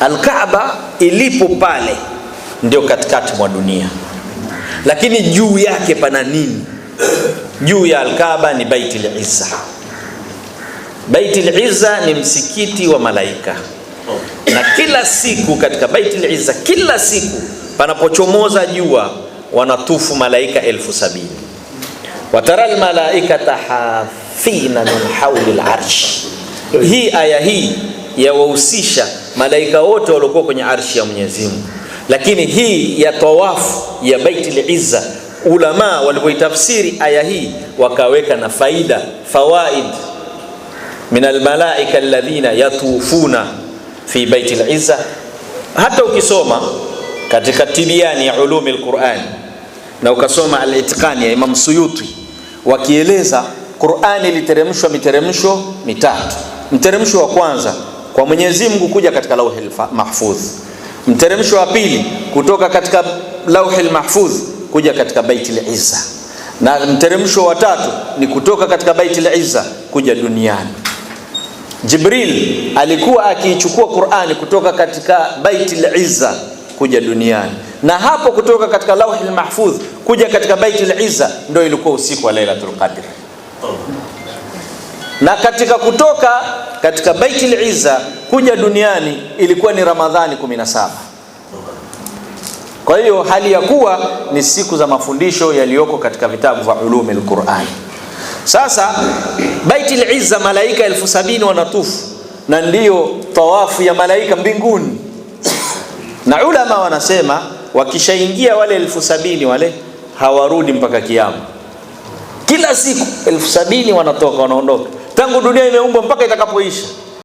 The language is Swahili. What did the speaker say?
Alkaaba ilipo pale ndio katikati mwa dunia, lakini juu yake pana nini? Juu ya Alkaaba ni Baitul Izza. Baitul Izza ni msikiti wa malaika, na kila siku katika Baitul Izza, kila siku panapochomoza jua wanatufu malaika elfu sabini watara almalaikata tahafina min hauli larshi. Hii aya hii yawahusisha malaika wote waliokuwa kwenye arshi ya Mwenyezi Mungu. Lakini hii ya tawafu ya baiti Izza, ulama walipoitafsiri aya hii wakaweka na faida fawaid min almalaika alladhina yatufuna fi baiti Izza. Hata ukisoma katika tibiani ya ulumi alquran na ukasoma al-itqani ya Imam Suyuti wakieleza Qur'ani iliteremshwa miteremsho mitatu. Mteremsho wa kwanza kwa Mwenyezi Mungu kuja katika lauhil mahfuz. Mteremsho wa pili kutoka katika lauhil mahfuz kuja katika baitil izza, na mteremsho wa tatu ni kutoka katika baitil izza kuja duniani. Jibril alikuwa akiichukua Qur'ani kutoka katika baitil izza kuja duniani, na hapo kutoka katika lauhil mahfuz kuja katika baitil izza ndio ilikuwa usiku wa Lailatul Qadr, na katika kutoka katika Baitul Izza kuja duniani ilikuwa ni Ramadhani 17. Kwa hiyo hali ya kuwa ni siku za mafundisho yaliyoko katika vitabu vya ulumi al-Qur'an. Sasa Baitul Izza malaika elfu sabini wanatufu na ndiyo tawafu ya malaika mbinguni, na ulama wanasema wakishaingia wale elfu sabini wale hawarudi mpaka kiama. Kila siku elfu sabini wanatoka wanaondoka tangu dunia imeumbwa mpaka itakapoisha.